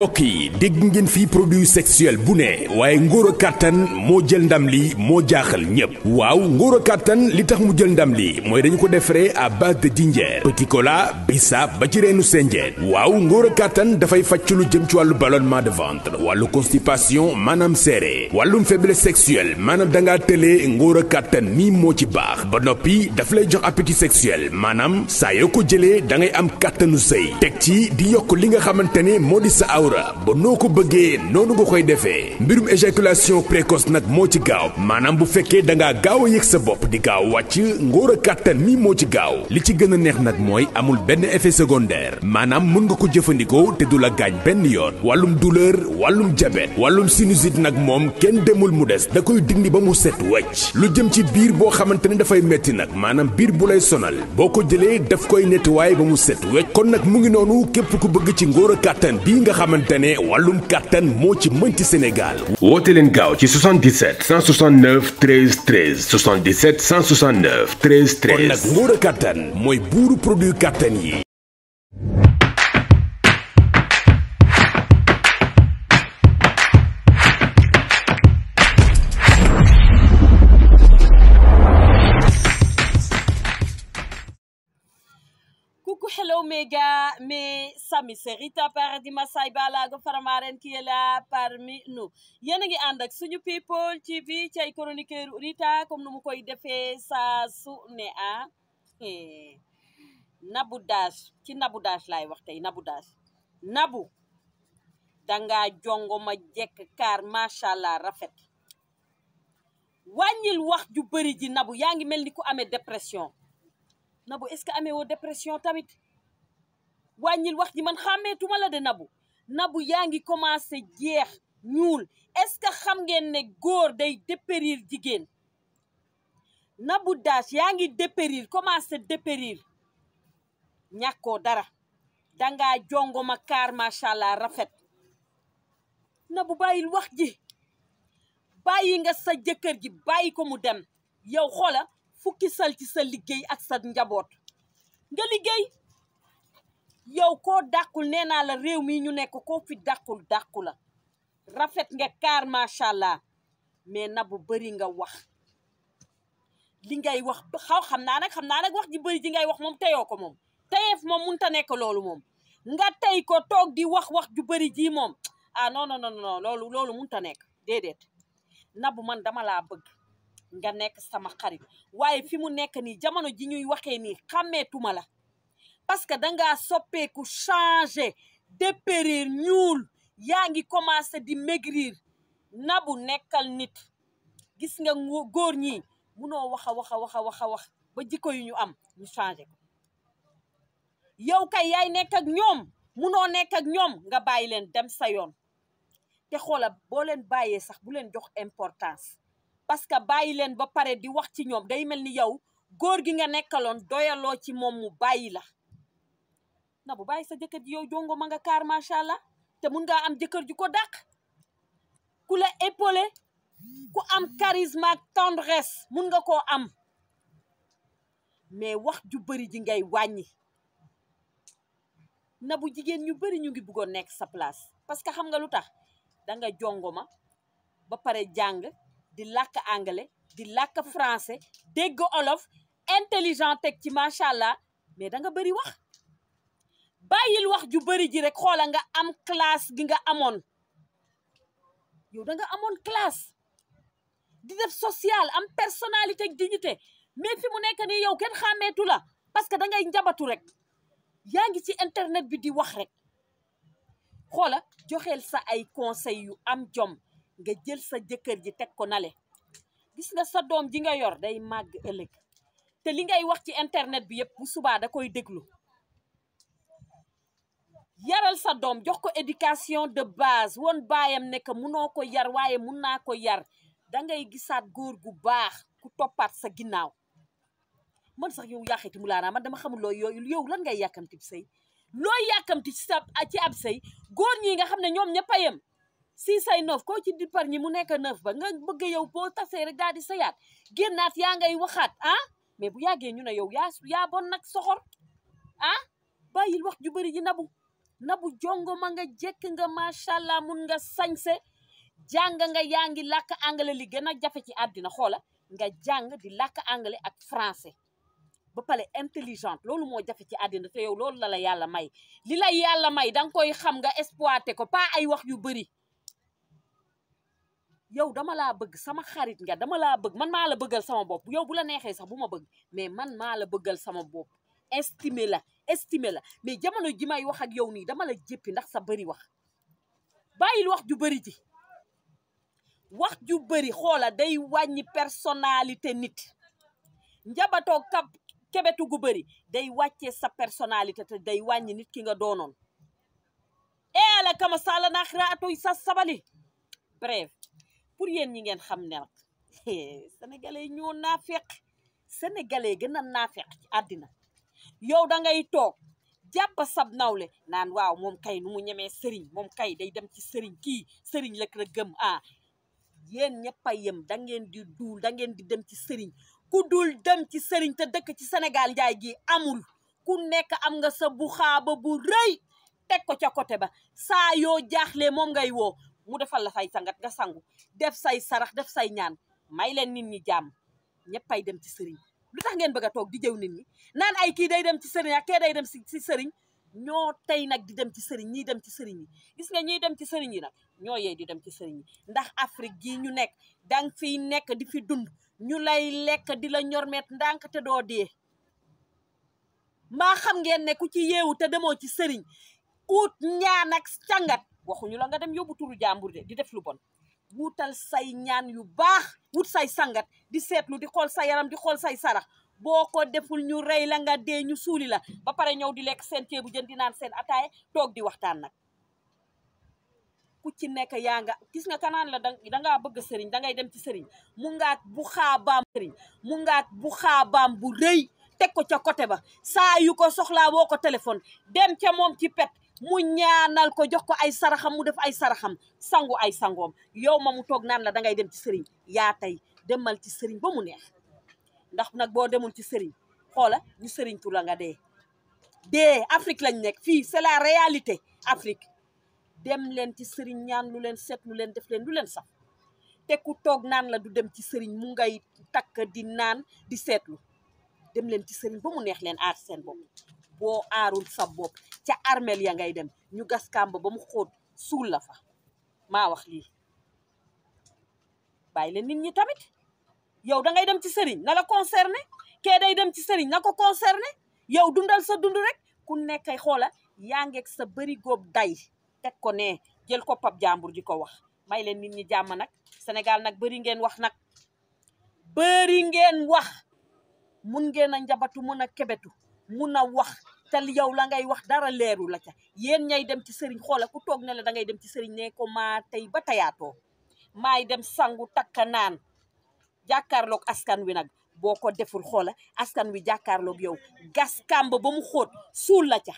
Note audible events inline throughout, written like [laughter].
mbokk yi dégg ngeen fii produit sexuel bu ne waaye ngóor a kàttan moo jël ndam li moo jaaxal ñépp waaw ngóor a kàttan li tax mu jël ndam li mooy dañu ko defaree à base de dinjeer petit cola bisaab ba ci reenu senjeen waaw ngóor a kàttan dafay fàcc lu jëm ci wàllu ballonnement de ventre wàllu constipation maanaam seere wàllum faiblesse sexuelle maanaam da ngaa tëlee ngóor a kàttan nii moo ci baax ba noppi dafa lay jox appétit sexuel maanaam saa yoo ko jëlee da ngay am kàttanu sëy teg awra ba noo ko bëggee noonu nga koy defee mbirum éjaculation précoce nag moo ci gaaw maanaam bu fekkee da ngaa gaaw a yëg sa bopp di gaaw wàcc ngóor a kàttan mi moo ci gaaw li ci gën a neex nag mooy amul benn effet secondaire maanaam mun nga ko jëfandikoo te du la gaañ benn yoon wàllum douleur wàllum jabet wàllum sinusite nag moom kenn demul mu des da koy dindi ba mu set wecc lu jëm ci biir boo xamante ne dafay metti nag maanaam biir bu lay sonal boo ko jëlee daf koy nettoyer ba mu set wecc kon nag mu ngi noonu képp ku bëgg ci ngóor a kàttan bii nga xamante xamante ne wàllum kàttan moo ci mënti Sénégal. woote leen gaaw ci 77 169 13 13 77 169 13 13. kon nag nguur a kàttan mooy buuru produit kàttan yi. Ortega, mais sa Rita Paradis Massaye Balago Faramaren qui est là parmi nous. Yéen a ngi ànd ak suñu people TV ci ay chroniqueur Rita comme nu mu koy defee saa su ne ah eh. Nabou Dash ci nabu Dash laay wax tey Nabou Dash Nabou danga jongoma ma jekk kaar macha allah rafet wàññil wax ju bëri ji nabu yaa ngi mel ni ku amee dépression Nabou est-ce que amee woo dépression tamit. wàññil wax ji man xàmmeetuma la de nabu nabu yaa ngi commencé jeex ñuul est-ce que xam ngeen ne góor day dépérir jigéen nabu daas yaa ngi dépérir commencé dépérir ñàkkoo dara dangaa jongoma kaar macha allah rafet nabu bàyyil wax ji bàyyi nga sa jëkkër ji bàyyi ko mu dem yow xoola fukki sal ci sa liggéey ak sa njaboot nga liggéey yow ko dàqul ne naa la réew mi ñu nekk koo fi dàqul dàqu la rafet nga kaar macha mais nabu bu bëri nga wax li ngay wax xaw xam naa nag xam naa nag wax ji bëri ji ngay wax moom teyoo ko moom teyeef moom mënut a nekk loolu moom nga tey ko toog di wax wax ju bari ji moom ah non non non non loolu loolu mënut nekk déedéet nabu man dama laa bëgg nga nekk sama xarit waaye fi mu nekk nii jamono ji ñuy waxee nii xàmmeetuma la parce que danga soppeeku changer dépérir ñuul yaa ngi commencé di maigrir nabu nekkal nit gis nga góor ñi munoo wax a wax a wax a wax ba jikko yu ñu am ñu changé ko yow kay yaay nekk ak ñoom munoo nekk ak ñoom nga bàyyi leen dem sa yoon te xoola boo leen bàyyee sax bu leen jox importance parce que bàyyi leen ba pare di wax ci ñoom day mel ni yow góor gi nga nekkaloon doyaloo ci moom mu bàyyi la na bu bàyyi sa jëkkër ji yow jongo ma nga kaar macha allah te mun ngaa am jëkkër ju ko dàq ku la épaulé ku am charisme ak tendresse mun nga koo am mais wax ju bëri ji ngay wàññi na bu jigéen ñu bëri ñu ngi bëggoon nekk sa place parce que xam nga lu tax danga jongo ma ba pare jàng di lakk anglais di lakk français dégg olof intelligent teg ci macha allah mais danga bëri wax bàyyil wax ju bëri ji rek xoola nga am classe gi nga amoon yow danga amoon classe di def sociale am personnalité ak dignité mais fi mu nekk nii yow kenn xàmmeetu la parce que da ngay njabatu rek yaa ngi ci internet bi di wax rek xoola joxeel sa ay conseil yu am jom nga jël sa jëkkër ji teg ko nale gis nga sa doom ji nga yor day màgg ëllëg te li ngay wax ci internet bi yëpp bu subaa da koy déglu yaral sa doom jox ko éducation de base woon baayam ne que noo ko yar waaye mun naa ko yar da ngay gisaat góor gu baax ku toppaat sa ginnaaw man sax yow yaaxeeti mu laanaa man dama xamul looy yooyu yow lan ngay yàkkamti bi sëy looy yàkkamti ci sa ci ab sey góor ñi nga xam ne ñoom ñëpp a yem six say neuf koo ci dipar ñi mu nekk neuf ba nga bëgg yow boo tasee rek daal di sayaat génnaat yaa ngay waxaat ah mais bu yàggee ñu ne yow yaa yaa bon nag soxor ah bàyyil wax ju bëri ji nabu nabu jongo ma nga jekk nga macha allah mun nga sañse jàng nga yaa ngi làkk anglais li gën a jafe ci àddina xoola nga jàng di lakk anglais ak français ba pare intelligente loolu moo jafe ci àddina te yow loolu la la yàlla may li la yàlla may danga koy xam nga exploité ko pas ay wax yu bëri yow dama laa bëgg sama xarit nga dama laa bëgg man maa la bëggal sama bopp yow bu la neexee sax bu ma bëgg mais man maa la bëggal sama bopp estimé la estimé la mais jamono ji may wax ak yow nii dama la jéppi ndax sa bëri wax bàyyil wax ju bari ji wax ju bëri xoola day wàññi personnalité nit njabatoo kab kebetu gu bari day wàccee sa personnalité te day wàññi nit ki nga doonoon e eh, ala kama sala naaxira atoy sa sabali bref pour yéen ñi ngeen xam ne nag [laughs] sénégalais ñoo naafeq sénégalais gën a naafeq ci àddina yow da ngay toog jàpp sab nawle naan waaw moom kay nu mu ñemee sëriñ moom kay day dem ci sëriñ kii sëriñ lëkk la gëm ah yéen ñëpp a da ngeen di duul da ngeen di dem ci sëriñ ku dul dem ci sëriñ te dëkk ci Sénégal njaay gi amul ku nekk am nga sa bu xaaba bu rëy teg ko ca côté ba saa yoo jaaxlee moom ngay woo mu defal la say sangat nga sangu def say sarax def say ñaan may leen nit ñi jàmm ñëppay dem ci sëriñ lu tax ngeen bëgg a toog di jëw nit mi naan ay kii day dem ci sëriñ ak kee day dem si si sëriñ ñoo tey nag di dem ci sëriñ ñii dem ci sëriñ yi gis nga ñiy dem ci sëriñ yi nag ñoo yee di dem ci sëriñ yi ndax afrig gii ñu nekk dang fii nekk di fi dund ñu lay lekk di la ñormet ndànk te doo dee maa xam ngeen nekku ci yeewu te demoo ci sëriñ uut ñaan ak càngat waxuñu la nga dem yóbbu turu jàmbur di def lu bon uutal say ñaan yu baax wut say sangat di seetlu di xool sa yaram di xool say sarax boo ko deful ñu rey la nga dee ñu suuli la ba pare ñëw di lekk seen ceebu jën di naan seen ataaye toog di waxtaan nag ku ci nekk yaa nga gis nga kanaan la da nga bëgg sëriñ da ngay dem ci sëriñ mu ngaat bu xaabaam sëriñ mu bu xaabaam bu rëy teg ko ca côté ba saayu ko soxla woo ko téléphone dem ca moom ci pet mu ñaanal ko jox ko ay saraxam mu def ay saraxam sangu ay sangoom yow ma mu toog naan la dangay dem ci sëriñ yaa tey demal ci sëriñ ba mu neex ndax nag boo demul ci sëriñ xoola ñu sëriñ tu la nga dee dee Afrique lañ nekk fii c'est la réalité Afrique dem leen ci sëriñ ñaan lu leen seetlu leen def leen lu leen sax te ku toog naan la du dem ci sëriñ mu ngay takk di naan di seetlu dem leen ci sëriñ ba mu neex leen aar seen bopp boo aarul sa bopp ca armeel ya ngay dem ñu gas kàmb ba mu xóot suul la fa maa wax lii bàyyi leen nit ñi tamit yow da ngay dem ci sëriñ nala la concerné kee day dem ci sëriñ na ko concerné yow dundal sa dund rek ku nekk ay xoola yaa ngeeg sa bëri góob day teg ko ne jël ko pap jàmbur di ko wax may leen nit ñi jàmm nag Sénégal nag bëri ngeen wax nag bëri ngeen wax mun ngeen a njabatu mun a kebetu mun a wax te yow la ngay wax dara leeru la ca yéen ñay dem ci sëriñ xoola ku toog ne la da ngay dem ci sëriñ nee ko maa tey ba tayaatoo maay dem sangu takka naan jàkkaarloog askan wi nag boo ko deful xoola askan wi jàkkaarloog yow gas kàmb ba mu xóot suul la ca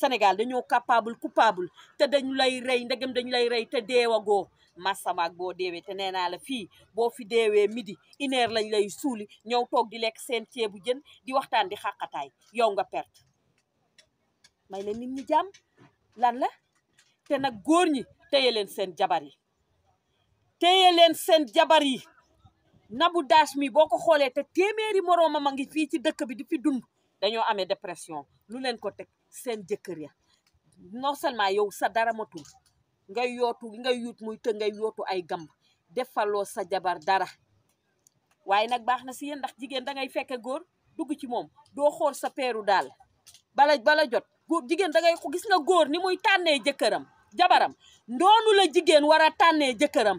Sénégal dañoo cappable coupable te dañu lay rey ndegam dañu lay rey te deewagoo massamaak boo deewee te nee naa la fii boo fi deewee midi une heure lañ lay suuli ñëw toog di lekk seen ceebu jën di waxtaan di xàqataay yow nga perte may leen nit ñi jàmm lan la te nag góor ñi téye leen seen jabar yi téye leen seen jabar yi Nabou Dash mi boo ko xoolee te téeméeri moroomam a ngi fii ci dëkk bi di fi dund dañoo amee dépression lu leen ko teg seen jëkkër ya non seulement yow sa dara matul ngay yootu ngay yuut muy të ngay yootu ay gamb defaloo sa jabar dara waaye nag baax na si yéen ndax jigéen da ngay fekke góor dugg ci moom doo xool sa peeru daal bala bala jot góor jigéen da ngay gis na góor ni muy tànnee jëkkëram jabaram ndoonu la jigéen war a tànnee jëkkëram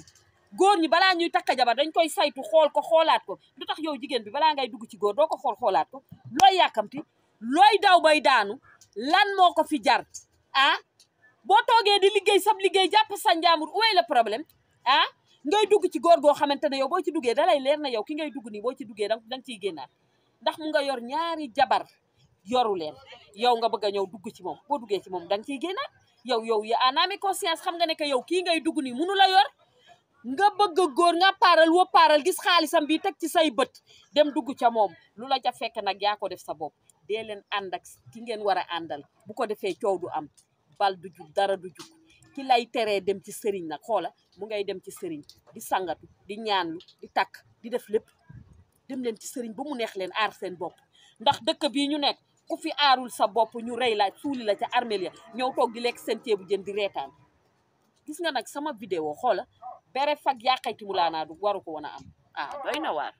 góor ñi balaa ñuy takk jabar dañ koy saytu xool ko xoolaat ko lu tax yow jigéen bi balaa ngay dugg ci góor doo ko xool xoolaat ko looy lan moo ko fi jar ah boo toogee di liggéey sab liggéey jàpp sa njaamur où est problème ah ngay dugg ci góor goo xamante ne yow boo ci duggee dalay leer na yow ki ngay dugg nii boo ci duggee da nga ciy génnaat ndax mu nga yor ñaari jabar yoru leen yow nga bëgg a ñëw dugg ci moom boo duggee ci moom da nga ciy génnaat yow yow ya anaami conscience xam nga ne que yow kii ngay dugg nii munu la yor nga bëgg a góor nga paaral woo paaral gis xaalisam bi teg ci say bët dem dugg ca moom lu la ca fekk nag yaa ko def sa bopp dee leen ànd ak ki ngeen war a àndal bu ko defee coow du am bal du jug dara du jug ki lay teree dem ci sëriñ nag xoola mu ngay dem ci sëriñ di sangatu di ñaanlu di takk di def lépp dem leen ci sëriñ ba mu neex leen aar seen bopp ndax dëkk bii ñu nekk ku fi aarul sa bopp ñu rey laaj suuli la ca armeel ya ñëw toog di lekk seen ceebu jën di reetaan gis nga nag sama vidéo xoola bere fag ki mu laa naa du waru ko woon a am ah doy na waar